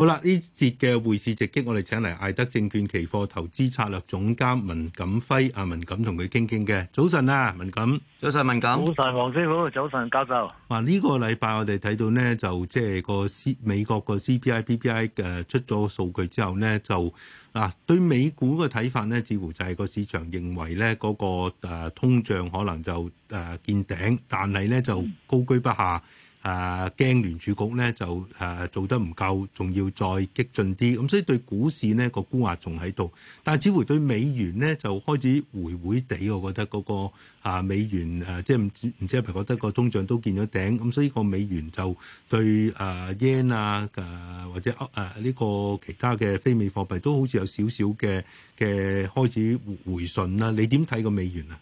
好啦，呢節嘅匯市直擊，我哋請嚟艾德證券期貨投資策略總監文錦輝啊，文錦同佢傾傾嘅。早晨啊，文錦，早晨文錦，早晨黃師傅，早晨教授。啊，呢個禮拜我哋睇到咧，就即係個美美國個 CPI、PPI，誒出咗數據之後咧，就啊對美股嘅睇法咧，似乎就係個市場認為咧，嗰個誒通脹可能就誒見頂，但係咧就高居不下。誒、啊、驚聯儲局咧就誒、啊、做得唔夠，仲要再激進啲，咁所以對股市呢個沽壓仲喺度。但係似乎對美元咧就開始回回地，我覺得嗰、嗰個啊美元誒、啊、即係唔唔知係咪覺得個通脹都見咗頂，咁所以個美元就對誒 yen 啊誒、啊啊、或者誒呢、啊呢個其他嘅非美貨幣都好似有少少嘅嘅開始回回順啦。你點睇個美元啊？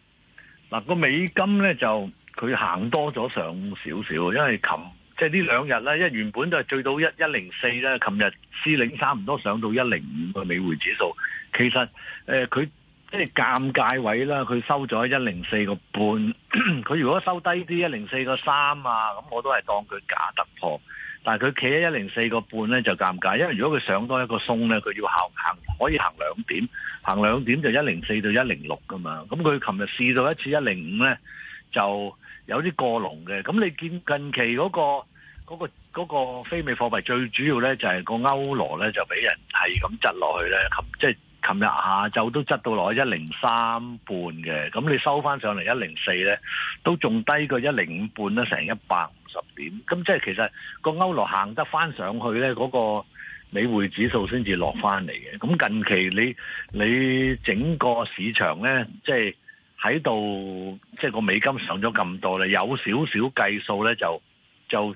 嗱、嗰個美金咧就。佢行多咗上少少，因為琴即係呢兩日咧，因為原本都係最到一一零四咧，琴日試領差唔多上到一零五個美匯指數。其實誒，佢即係尷尬位啦，佢收咗一零四個半。佢如果收低啲一零四個三啊，咁我都係當佢假突破。但係佢企喺一零四個半咧就尷尬，因為如果佢上多一個松咧，佢要行行可以行兩點，行兩點就一零四到一零六噶嘛。咁佢琴日試到一次一零五咧就。有啲過龍嘅，咁你見近期嗰個嗰個嗰個非美貨幣最主要咧就係個歐羅咧就俾人係咁執落去咧，即係琴日下晝都執到落去一零三半嘅，咁你收翻上嚟一零四咧，都仲低過一零五半啦，成一百五十點，咁即係其實個歐羅行得翻上去咧，嗰個美匯指數先至落翻嚟嘅，咁近期你你整個市場咧即係。喺度即係個美金上咗咁多咧，有少少計數咧就就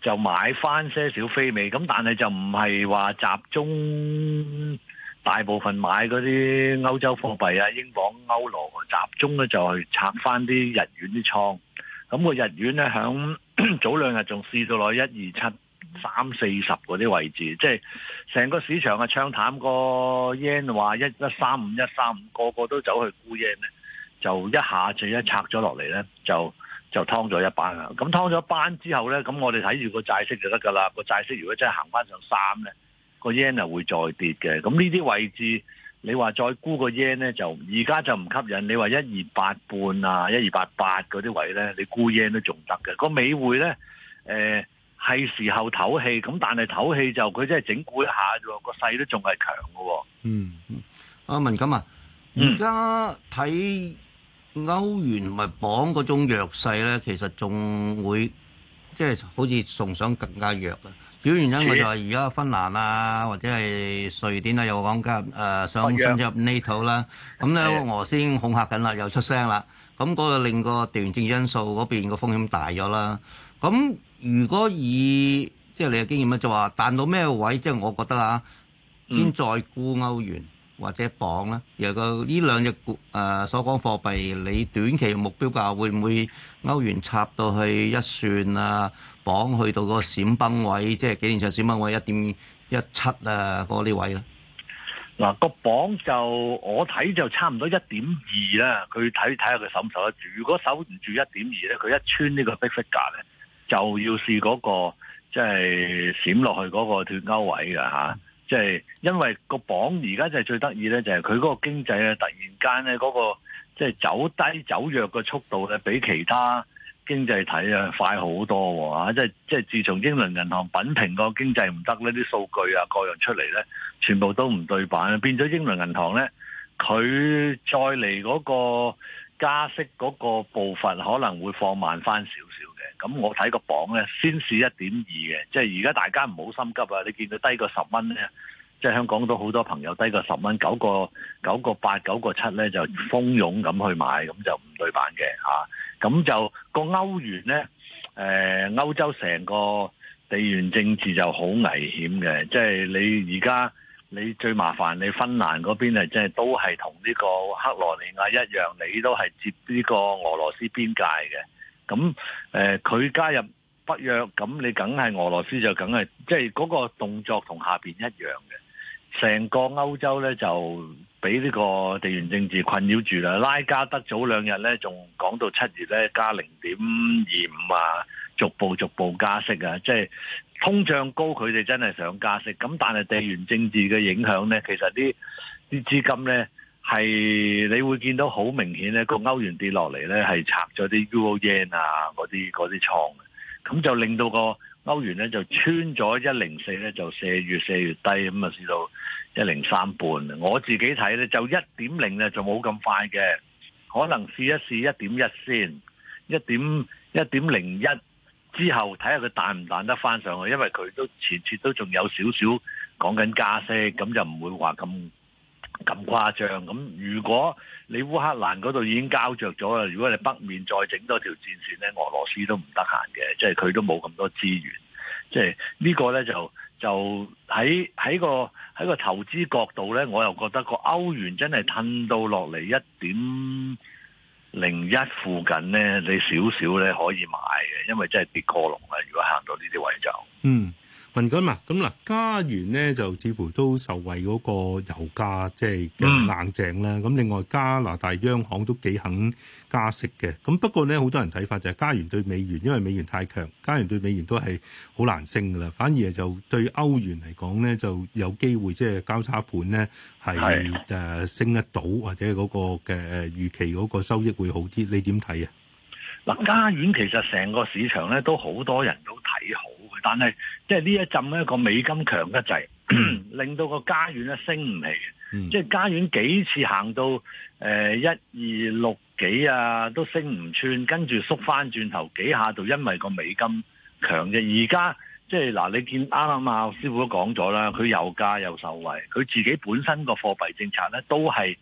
就買翻些少非美。咁但係就唔係話集中大部分買嗰啲歐洲貨幣啊，英鎊、歐羅，集中咧就去拆翻啲日元啲倉。咁個日元咧響早兩日仲試到落一二七三四十嗰啲位置，即係成個市場啊暢淡個 yen 話一一三五一三五，1, 1, 3, 5, 1, 3, 5, 個個都走去沽 yen 咧。就一下就一拆咗落嚟咧，就就劏咗一班啦。咁劏咗一班之後咧，咁我哋睇住個債息就得噶啦。個債息如果真係行翻上三咧，個 yen 會再跌嘅。咁呢啲位置，你話再沽個 yen 咧，就而家就唔吸引。你話一二八半啊，一二八八嗰啲位咧，你沽 yen 都仲得嘅。個美匯咧，係、呃、時候唞氣，咁但係唞氣就佢真係整固一下啫喎。個勢都仲係強㗎喎、哦。嗯阿文咁啊，而家睇。嗯歐元同埋鎊嗰種弱勢咧，其實仲會即係、就是、好似仲想更加弱啊！主要原因我就係而家芬蘭啊，或者係瑞典啊，又講緊誒想進入 NATO 啦。咁咧俄先恐嚇緊啦，又出聲啦。咁嗰個令個地緣政治因素嗰邊個風險大咗啦。咁如果以即係、就是、你嘅經驗咧，就話彈到咩位？即係我覺得啊，先再估歐元。嗯或者磅啦，而個呢兩隻股所講貨幣，你短期目標價會唔會歐元插到去一算啊？磅去到個閃崩位，即係幾年前閃崩位一點一七啊，嗰啲位咧。嗱個磅就我睇就差唔多一點二啦，佢睇睇下佢守唔守得住。如果守唔住一點二咧，佢一穿呢個 big figure 咧，就要試嗰、那個即係、就是、閃落去嗰個斷歐位嘅嚇。啊即係，因為個榜而家就係最得意咧，就係佢嗰個經濟突然間咧嗰個即係走低走弱嘅速度咧，比其他經濟體啊快好多喎嚇！即係即係，自從英倫銀行品評個經濟唔得呢，啲數據啊各樣出嚟咧，全部都唔對版，變咗英倫銀行咧，佢再嚟嗰個加息嗰個部分可能會放慢翻少少。咁我睇個榜咧，先試一點二嘅，即係而家大家唔好心急啊！你見到低過十蚊咧，即係香港都好多朋友低過十蚊，九個九個八九個七咧就蜂擁咁去買，咁就唔對版嘅嚇。咁、啊、就個歐元咧、呃，歐洲成個地緣政治就好危險嘅，即係你而家你最麻煩，你芬蘭嗰邊即係、就是、都係同呢個克羅尼亞一樣，你都係接呢個俄羅斯邊界嘅。咁誒，佢加入北約，咁你梗係俄羅斯就梗係，即係嗰個動作同下邊一樣嘅。成個歐洲咧就俾呢個地緣政治困擾住啦。拉加德早兩日咧仲講到七月咧加零點二五啊，逐步逐步加息啊，即係通脹高，佢哋真係想加息。咁但係地緣政治嘅影響咧，其實啲啲資金咧。係你會見到好明顯咧，個歐元跌落嚟咧，係拆咗啲 Euroyen 啊，嗰啲嗰啲倉，咁就令到個歐元咧就穿咗一零四咧，就瀉，越瀉越低，咁啊試到一零三半。我自己睇咧，就一點零咧就冇咁快嘅，可能試一試一點一先，一點一點零一之後睇下佢彈唔彈得翻上去，因為佢都前次都仲有少少講緊加息，咁就唔會話咁。咁誇張咁，如果你烏克蘭嗰度已經膠着咗啦，如果你北面再整多條戰線咧，俄羅斯都唔得閒嘅，即係佢都冇咁多資源。即係呢個咧就就喺喺個喺個投資角度咧，我又覺得個歐元真係褪到落嚟一點零一附近咧，你少少咧可以買嘅，因為真係跌過龍啊！如果行到呢啲位就。嗯。文錦輝啊，咁嗱，加元呢就似乎都受惠嗰個油價即係嘅硬淨啦。咁、嗯、另外加拿大央行都幾肯加息嘅。咁不過呢，好多人睇法就係加元對美元，因為美元太強，加元對美元都係好難升噶啦。反而就對歐元嚟講呢，就有機會即係交叉盤呢係升得到，或者嗰個嘅預期嗰個收益會好啲。你點睇啊？嗱，加元其實成個市場呢都好多人都睇好。但係即係呢一陣咧，個美金強得滯，令到個加元咧升唔起、嗯、即係加元幾次行到誒一二六幾啊，都升唔穿，跟住縮翻轉頭幾下，就因為個美金強嘅。而家即係嗱，你見啱啱啊師傅都講咗啦，佢又加又受惠，佢自己本身個貨幣政策咧都係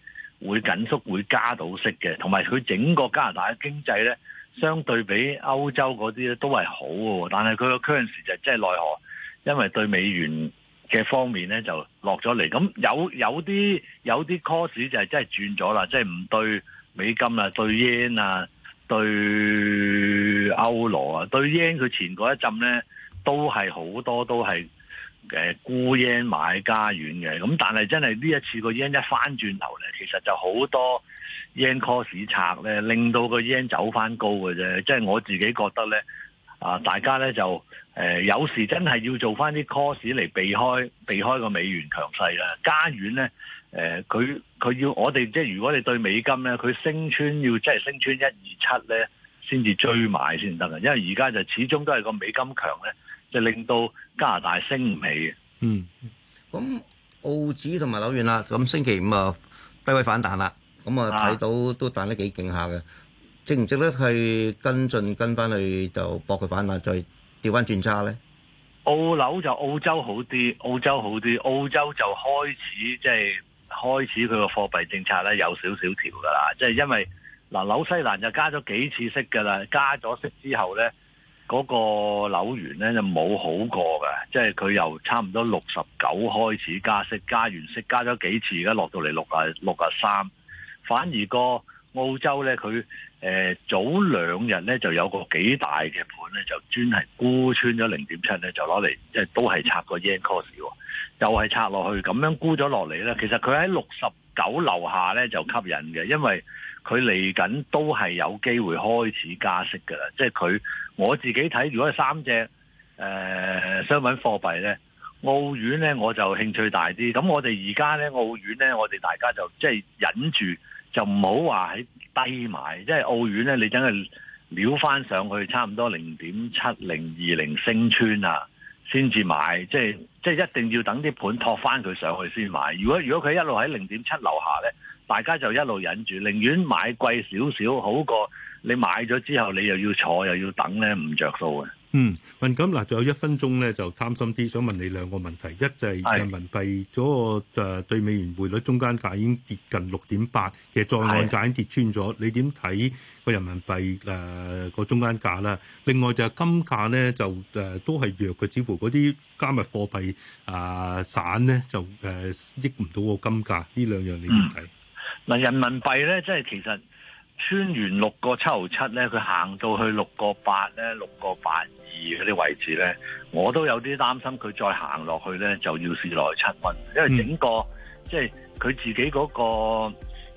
會緊縮，會加到息嘅，同埋佢整個加拿大嘅經濟咧。相對比歐洲嗰啲咧都係好喎，但係佢個 currency 就真係奈何，因為對美元嘅方面咧就落咗嚟。咁有有啲有啲 currency 就係真係轉咗啦，即係唔對美金啦，對 yen 啊，對歐羅啊，對 yen 佢前嗰一陣咧都係好多都係誒沽 yen 買加元嘅。咁但係真係呢一次個 yen 一翻轉頭咧，其實就好多。yen course 拆咧，令到個 yen 走翻高嘅啫。即係我自己覺得咧，啊，大家咧就誒，有時真係要做翻啲 course 嚟，避開避開個美元強勢啦。加元咧，誒、呃，佢佢要我哋即係如果你對美金咧，佢升穿要即係升穿一二七咧，先至追買先得啊。因為而家就始終都係個美金強咧，就令到加拿大升唔起嘅。嗯，咁澳指同埋紐元啦，咁星期五啊低位反彈啦。咁、嗯、啊，睇到都彈得幾勁下嘅，值唔值得去跟進跟翻去就搏佢反彈，再調翻轉差呢？澳樓就澳洲好啲，澳洲好啲，澳洲就開始即係、就是、開始佢個貨幣政策咧有少少調噶啦，即、就、係、是、因為嗱、啊、紐西蘭就加咗幾次息噶啦，加咗息之後呢，嗰、那個樓源呢就冇好過嘅，即係佢由差唔多六十九開始加息，加完息加咗幾次，而家落到嚟六啊六啊三。反而個澳洲咧，佢誒、呃、早兩日咧就有個幾大嘅盤咧，就專係沽穿咗零點七咧，就攞嚟即係都係插個 yen cross 喎，又係插落去咁樣沽咗落嚟咧。其實佢喺六十九樓下咧就吸引嘅，因為佢嚟緊都係有機會開始加息㗎喇。即係佢我自己睇，如果係三隻誒、呃、商品貨幣咧，澳元咧我就興趣大啲。咁我哋而家咧澳元咧，我哋大家就即係忍住。就唔好話喺低020，買，即係澳元咧，你真係撩翻上去差唔多零點七零二零升穿啊，先至買，即係即係一定要等啲盤托翻佢上去先買。如果如果佢一路喺零點七樓下咧，大家就一路忍住，寧願買貴少少，好過你買咗之後你又要坐又要等咧，唔着數嘅。嗯，文錦嗱，仲有一分鐘咧，就貪心啲，想問你兩個問題。一就係人民幣嗰個誒對美元匯率中間價已經跌近六點八，其實在岸價已經跌穿咗。你點睇個人民幣誒個中間價啦？另外就係金價咧，就誒都係弱嘅，似乎嗰啲加密貨幣啊散咧就誒益唔到個金價。呢兩樣你點睇？嗱、嗯，人民幣咧，即係其實。穿完六個七毫七咧，佢行到去六個八咧，六個八二嗰啲位置咧，我都有啲擔心佢再行落去咧就要試落去七蚊，因為整個即係佢自己嗰、那個。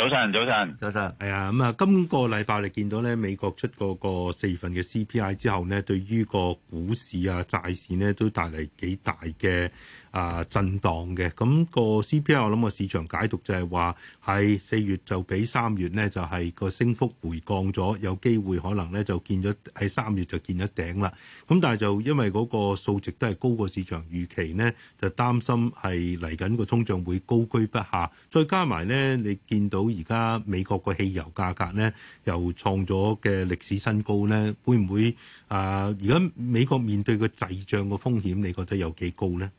早晨，早晨，早晨。係啊，咁、嗯、啊，今個禮拜你哋見到咧，美國出嗰個四月份嘅 CPI 之後咧，對於個股市啊、債市呢，都帶嚟幾大嘅。啊，震盪嘅咁、那個 CPI，我諗個市場解讀就係話喺四月就比三月呢，就係、是、個升幅回降咗，有機會可能呢，就見咗喺三月就見咗頂啦。咁但係就因為嗰個數值都係高過市場預期呢，就擔心係嚟緊個通脹會高居不下。再加埋呢，你見到而家美國個汽油價格呢，又創咗嘅歷史新高呢，會唔會啊？而家美國面對個滯脹個風險，你覺得有幾高呢？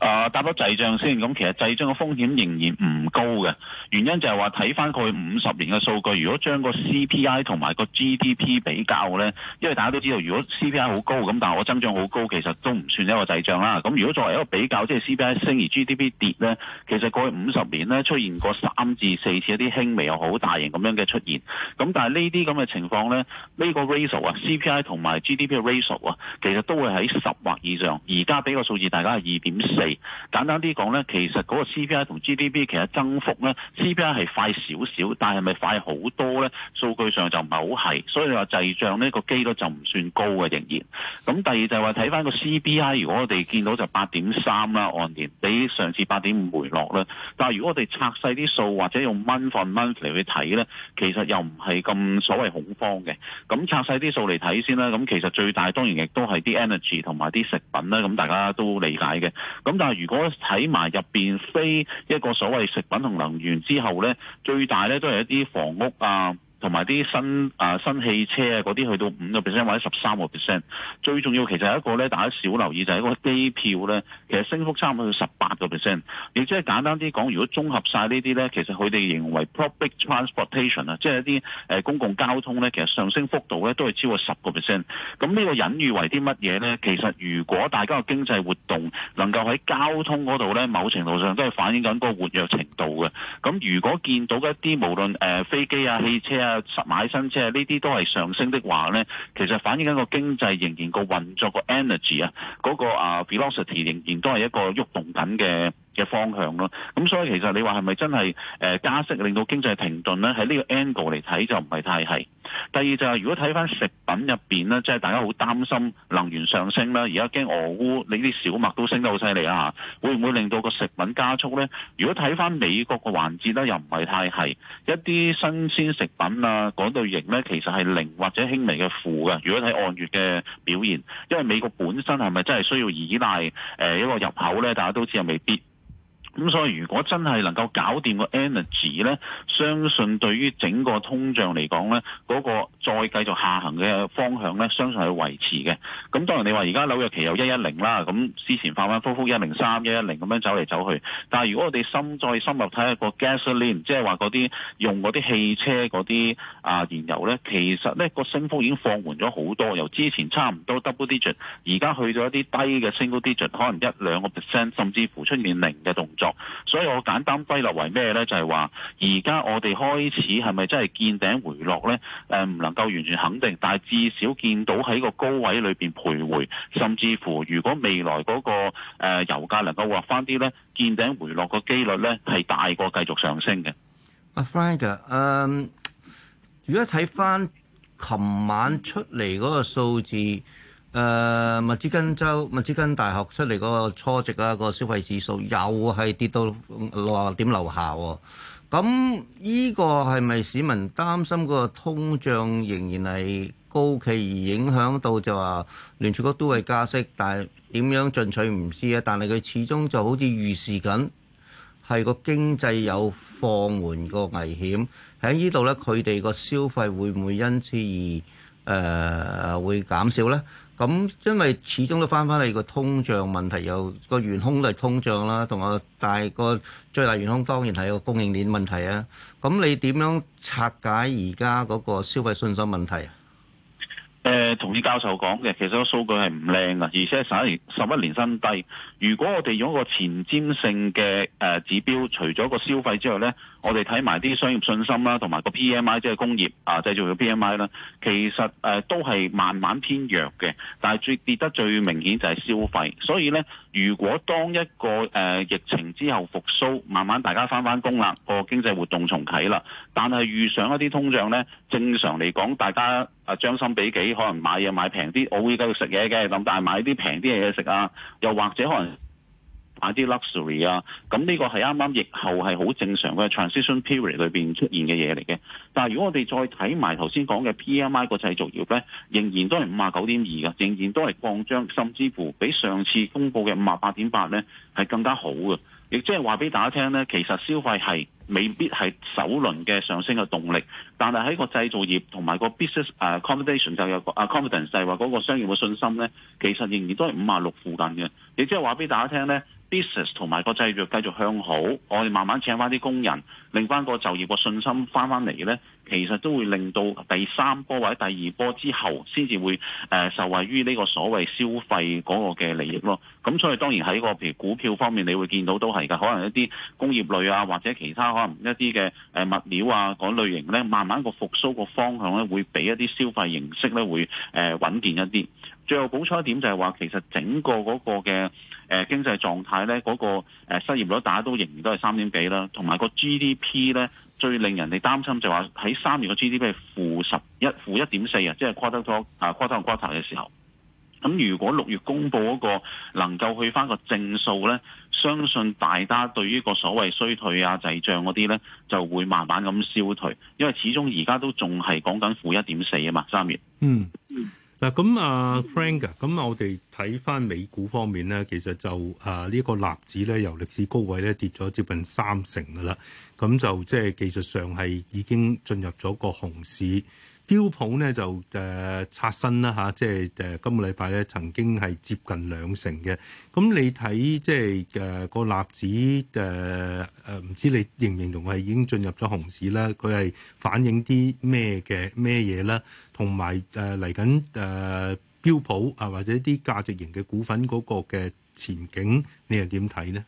誒、嗯，答咗滯脹先，咁其實滯脹嘅風險仍然唔高嘅，原因就係話睇翻過去五十年嘅數據，如果將個 CPI 同埋個 GDP 比較呢，因為大家都知道，如果 CPI 好高咁，但係我增長好高，其實都唔算一個滯脹啦。咁如果作為一個比較，即係 CPI 升而 GDP 跌呢，其實過去五十年呢，出現過三至四次一啲輕微又好大型咁樣嘅出現。咁但係呢啲咁嘅情況呢，呢、這個 ratio 啊，CPI 同埋 GDP 嘅 ratio 啊，其實都會喺十或以上。而家俾個數字，大家係二點四。簡單啲講呢，其實嗰個 CPI 同 GDP 其實增幅呢，CPI 係快少少，但係咪快好多呢？數據上就唔係好係，所以你話滯脹呢個基率就唔算高嘅，仍然。咁第二就係話睇返個 CPI，如果我哋見到就八點三啦按年，比上次八點五回落啦。但係如果我哋拆細啲數或者用 month on month 嚟去睇呢，其實又唔係咁所謂恐慌嘅。咁拆細啲數嚟睇先啦，咁其實最大當然亦都係啲 energy 同埋啲食品啦，咁大家都理解嘅。咁但如果睇埋入邊，非一個所謂食品同能源之後咧，最大咧都係一啲房屋啊。同埋啲新啊新汽車啊嗰啲去到五個 percent 或者十三個 percent，最重要其實係一個咧，大家少留意就係一個機票咧，其實升幅差唔多去到十八個 percent。亦即係簡單啲講，如果綜合晒呢啲咧，其實佢哋認為 public transportation 啊，即係一啲誒公共交通咧，其實上升幅度咧都係超過十個 percent。咁呢個隱喻為啲乜嘢咧？其實如果大家個經濟活動能夠喺交通嗰度咧，某程度上都係反映緊嗰個活躍程度嘅。咁如果見到一啲無論誒、呃、飛機啊、汽車啊，誒買新車呢啲都係上升的話咧，其實反映緊個經濟仍然個運作個 energy 啊，嗰個啊 velocity 仍然都係一個喐動緊嘅。嘅方向咯，咁所以其實你話係咪真係誒加息令到經濟停頓呢？喺呢個 angle 嚟睇就唔係太係。第二就係、是、如果睇翻食品入邊呢，即係大家好擔心能源上升啦，而家驚俄烏，你啲小麥都升得好犀利啊！會唔會令到個食品加速呢？如果睇翻美國個環節呢，又唔係太係一啲新鮮食品啊嗰類型呢，其實係零或者輕微嘅負嘅。如果睇按月嘅表現，因為美國本身係咪真係需要依賴誒一個入口呢？大家都知又未必。咁所以如果真係能夠搞掂個 energy 咧，相信對於整個通脹嚟講咧，嗰、嗰個。再繼續下行嘅方向咧，相信係維持嘅。咁當然你話而家紐約期有一一零啦，咁之前反反覆覆一零三、一一零咁樣走嚟走去。但係如果我哋深再深入睇下個 gasoline，即係話嗰啲用嗰啲汽車嗰啲啊燃油咧，其實咧個升幅已經放緩咗好多，由之前差唔多 double digit，而家去咗一啲低嘅 single digit，可能一兩個 percent，甚至乎出現零嘅動作。所以我簡單歸納為咩咧？就係話而家我哋開始係咪真係見頂回落咧？誒唔能夠完全肯定，但係至少見到喺個高位裏邊徘徊，甚至乎如果未來嗰個油價能夠劃翻啲咧，見頂回落個機率咧係大過繼續上升嘅。阿、uh, Frank，誒、啊，如果睇翻琴晚出嚟嗰個數字，誒密芝根州密芝根大學出嚟嗰個初值啊，個消費指數又係跌到六十點樓下喎、啊。咁呢個係咪市民擔心個通脹仍然係高企而影響到就話聯儲局都係加息，但係點樣進取唔知啊？但係佢始終就好似預示緊係個經濟有放緩個危險，喺呢度咧，佢哋個消費會唔會因此而誒、呃、會減少咧？咁，因為始終都翻翻嚟個通脹問題，有個元兇都係通脹啦，同我大個最大元兇，當然係個供應鏈問題啊。咁你點樣拆解而家嗰個消費信心問題啊？呃，同意教授講嘅，其實個數據係唔靚啊，而且十一十一年新低。如果我哋用一個前瞻性嘅呃指標，除咗個消費之外咧。我哋睇埋啲商業信心啦，同埋個 P M I 即係工業啊製造嘅 P M I 啦，其實誒、呃、都係慢慢偏弱嘅。但係最跌得最明顯就係消費。所以呢，如果當一個誒、呃、疫情之後復甦，慢慢大家翻返工啦，這個經濟活動重啟啦，但係遇上一啲通脹呢，正常嚟講，大家啊將心比己，可能買嘢買平啲，我會繼續食嘢嘅，噉但係買啲平啲嘅嘢食啊，又或者可能。買啲 luxury 啊，咁呢個係啱啱疫後係好正常嘅 transition period 裏面出現嘅嘢嚟嘅。但係如果我哋再睇埋頭先講嘅 PMI 個製造業咧，仍然都係五啊九點二嘅，仍然都係擴張，甚至乎比上次公布嘅五啊八點八咧係更加好嘅。亦即係話俾大家聽咧，其實消費係未必係首輪嘅上升嘅動力，但係喺個製造業同埋個 business accommodation 就有啊 confidence 就係話嗰個商業嘅信心咧，其實仍然都係五啊六附近嘅。亦即係話俾大家聽咧。business 同埋個製造業繼續向好，我哋慢慢請翻啲工人，令翻個就業個信心翻翻嚟呢，其實都會令到第三波或者第二波之後，先至會受惠於呢個所謂消費嗰個嘅利益咯。咁所以當然喺個譬如股票方面，你會見到都係噶，可能一啲工業類啊，或者其他可能一啲嘅物料啊嗰類型呢，慢慢個復甦個方向呢，會比一啲消費形式呢，會穩健一啲。最後補充一點就係話，其實整個嗰個嘅誒經濟狀態咧，嗰個失業率大家都仍然都係三點幾啦，同埋個 GDP 咧最令人哋擔心就話喺三月個 GDP 係負十一、負一點四啊，即係 quarter to 啊 quarter quarter 嘅時候。咁如果六月公布嗰個能夠去翻個正數咧，相信大家對於個所謂衰退啊、滯脹嗰啲咧就會慢慢咁消退，因為始終而家都仲係講緊負一點四啊嘛，三月。嗯。嗱咁啊，Frank 啊，咁我哋睇翻美股方面咧，其實就啊、這個、子呢個納指咧由歷史高位咧跌咗接近三成㗎啦，咁就即係技術上係已經進入咗個熊市。標普咧就誒、呃、刷新啦嚇、啊，即係誒、呃、今個禮拜咧曾經係接近兩成嘅。咁你睇即係誒個納指誒唔、呃、知你認唔認同係已經進入咗熊市啦？佢係反映啲咩嘅咩嘢啦？同埋誒嚟緊誒標普啊或者啲價值型嘅股份嗰個嘅前景，你又點睇呢？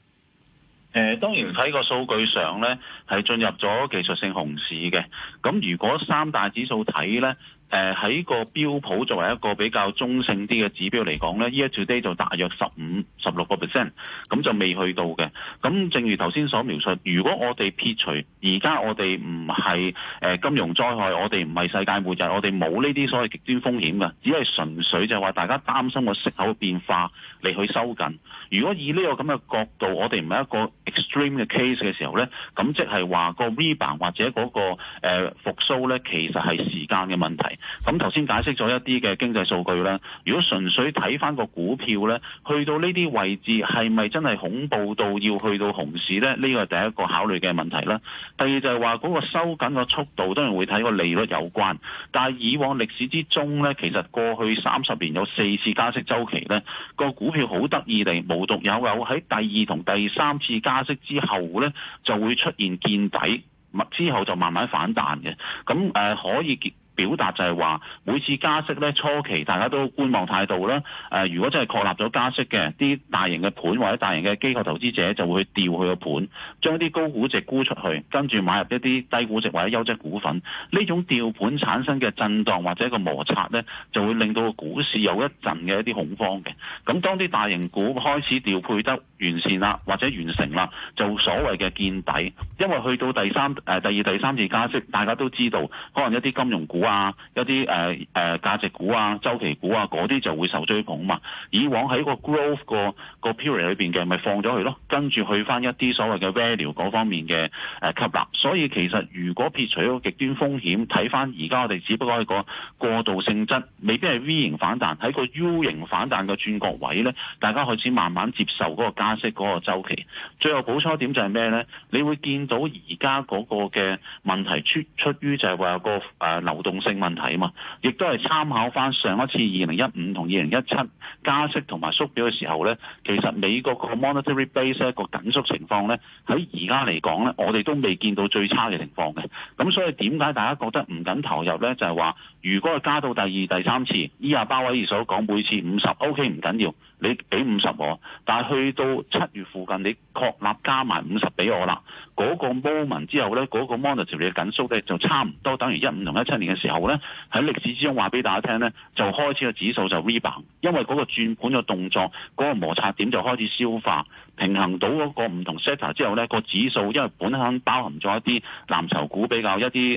誒，當然喺個數據上咧，係進入咗技術性熊市嘅。咁如果三大指數睇咧？誒、呃、喺個標普作為一個比較中性啲嘅指標嚟講呢呢一 today 就大約十五、十六個 percent，咁就未去到嘅。咁正如頭先所描述，如果我哋撇除而家我哋唔係誒金融災害，我哋唔係世界末日，我哋冇呢啲所謂極端風險嘅，只係純粹就係話大家擔心個息口變化嚟去收緊。如果以呢個咁嘅角度，我哋唔係一個 extreme 嘅 case 嘅時候呢，咁即係話個 rebound 或者嗰、那個誒、呃、復甦呢，其實係時間嘅問題。咁頭先解釋咗一啲嘅經濟數據啦。如果純粹睇翻個股票呢，去到呢啲位置係咪真係恐怖到要去到熊市呢？呢個係第一個考慮嘅問題啦。第二就係話嗰個收緊個速度，當然會睇個利率有關。但係以往歷史之中呢，其實過去三十年有四次加息周期呢，個股票好得意地，無獨有偶喺第二同第三次加息之後呢，就會出現見底，之後就慢慢反彈嘅。咁、呃、可以結。表達就係話，每次加息咧，初期大家都觀望態度啦。誒、呃、如果真係確立咗加息嘅，啲大型嘅盤或者大型嘅機構投資者就會去調佢個盤，將啲高估值沽出去，跟住買入一啲低估值或者優質股份。呢種調盤產生嘅震盪或者一個摩擦咧，就會令到股市有一陣嘅一啲恐慌嘅。咁當啲大型股開始調配得完善啦，或者完成啦，就所謂嘅見底。因為去到第三誒、呃、第二第三次加息，大家都知道可能一啲金融股啊！一啲誒誒價值股啊、周期股啊嗰啲就會受追捧嘛。以往喺個 growth 個個 period 裏邊嘅，咪放咗佢咯。跟住去翻一啲所謂嘅 value 嗰方面嘅誒吸納。所以其實如果撇除咗極端風險，睇翻而家我哋只不過係個過渡性質，未必係 V 型反彈，喺個 U 型反彈嘅轉角位呢，大家開始慢慢接受嗰個加息嗰個週期。最後補充一點就係咩呢？你會見到而家嗰個嘅問題出出於就係話、個誒、啊、流動性問題啊嘛，亦都係參考翻上一次二零一五同二零一七加息同埋縮表嘅時候呢。其實美國個 monetary base 一個緊縮情況呢，喺而家嚟講呢，我哋都未見到最差嘅情況嘅。咁所以點解大家覺得唔緊投入呢？就係、是、話，如果係加到第二、第三次，依阿鮑威爾所講，每次五十 OK 唔緊要，你俾五十我。但係去到七月附近，你確立加埋五十俾我啦。嗰、那個 moment 之後呢，嗰、那個 monetary 緊縮呢，就差唔多等於一五同一七年嘅。時候呢，喺歷史之中，話俾大家聽呢，就開始個指數就 rebound，因為嗰個轉盤嘅動作，嗰、嗰個摩擦點就開始消化，平衡到嗰個唔同 sector 之後呢、個指數因為本身包含咗一啲藍籌股比較一啲誒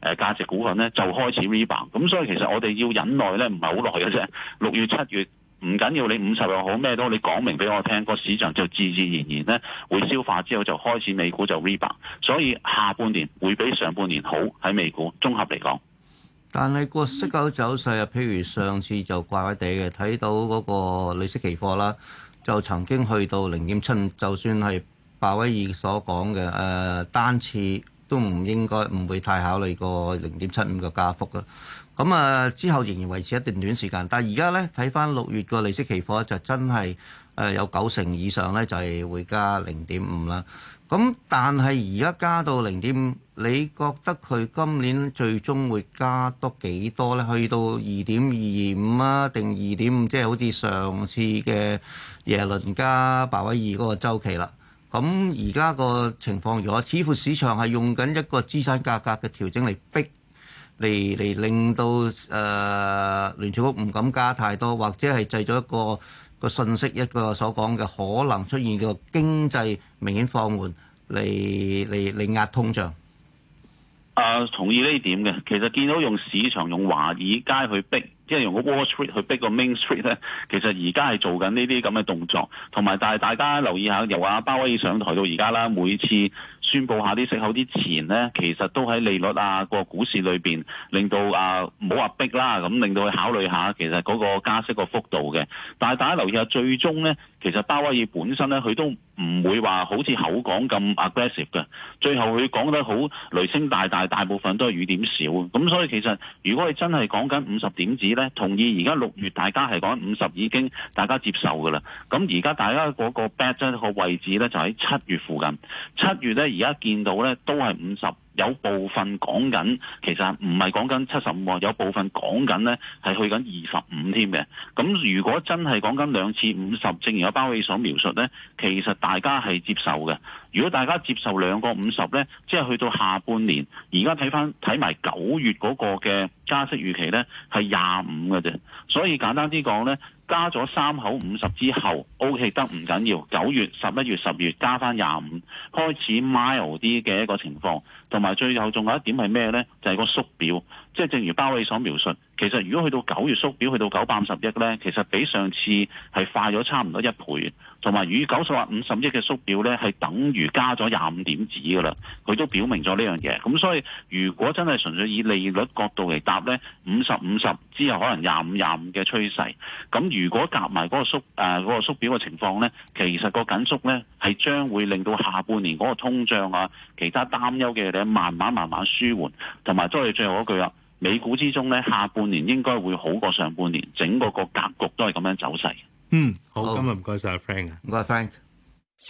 誒價值股份呢，就開始 rebound。咁所以其實我哋要忍耐呢，唔係好耐嘅啫。六月七月唔緊要，你五十又好咩都好，你講明俾我聽，個市場就自自然然呢會消化之後就開始美股就 rebound。所以下半年會比上半年好，喺美股綜合嚟講。但係個息口走勢啊，譬如上次就怪怪地嘅，睇到嗰個利息期貨啦，就曾經去到零點七五。就算係鮑威爾所講嘅誒單次都唔應該唔會太考慮過零點七五嘅加幅嘅。咁啊，之後仍然維持一段短時間，但係而家咧睇翻六月個利息期貨就真係誒有九成以上咧就係會加零點五啦。咁但係而家加到零點五，你覺得佢今年最終會加多幾多呢？去到二點二二五啊，定二點五？即係好似上次嘅耶倫加白威爾嗰個周期啦。咁而家個情況如果似乎市場係用緊一個資產價格嘅調整嚟逼，嚟嚟令到誒、呃、聯儲局唔敢加太多，或者係製咗一個。個信息一個所講嘅可能出現個經濟明顯放緩，嚟嚟嚟壓通脹。啊，同意呢點嘅，其實見到用市場用華爾街去逼，即係用個 Wall Street 去逼個 Main Street 咧，其實而家係做緊呢啲咁嘅動作，同埋大大家留意下，由阿鮑威爾上台到而家啦，每次。宣布下啲息口啲錢呢，其實都喺利率啊個股市裏邊，令到啊唔好話逼啦，咁令到佢考慮下其實嗰個加息個幅度嘅。但係大家留意下，最終呢，其實鮑威爾本身呢，佢都唔會話好似口講咁 aggressive 嘅。最後佢講得好雷聲大，大，大大部分都係雨點少咁。所以其實，如果你真係講緊五十點子呢，同意而家六月大家係講五十已經大家接受噶啦。咁而家大家嗰個 bad 個位置呢，就喺七月附近。七月呢。而家見到呢都係五十，有部分講緊其實唔係講緊七十五喎，有部分講緊呢係去緊二十五添嘅。咁如果真係講緊兩次五十，正如有包尾所描述呢，其實大家係接受嘅。如果大家接受兩個五十呢，即係去到下半年，而家睇返睇埋九月嗰個嘅加息預期呢，係廿五嘅啫。所以簡單啲講呢。加咗三口五十之後，OK 得唔緊要。九月、十一月、十月加翻廿五，開始 mile 啲嘅一個情況。同埋最後仲有一點係咩呢？就係、是、個縮表，即、就、係、是、正如鮑威所描述。其實如果去到九月縮表，去到九百五十億呢，其實比上次係快咗差唔多一倍。同埋與九百五十億嘅縮表呢，係等於加咗廿五點子噶啦。佢都表明咗呢樣嘢。咁所以如果真係純粹以利率角度嚟答呢，五十五十之後可能廿五廿五嘅趨勢。咁如果夾埋嗰個縮嗰、呃嗰個縮表嘅情況呢，其實個緊縮呢係將會令到下半年嗰個通脹啊，其他擔憂嘅嘢慢慢慢慢舒緩。同埋再嚟最後一句啊，美股之中呢，下半年應該會好過上半年，整個個格局都係咁樣走勢。嗯，好，今日唔該晒阿 Frank 啊，唔該 Frank。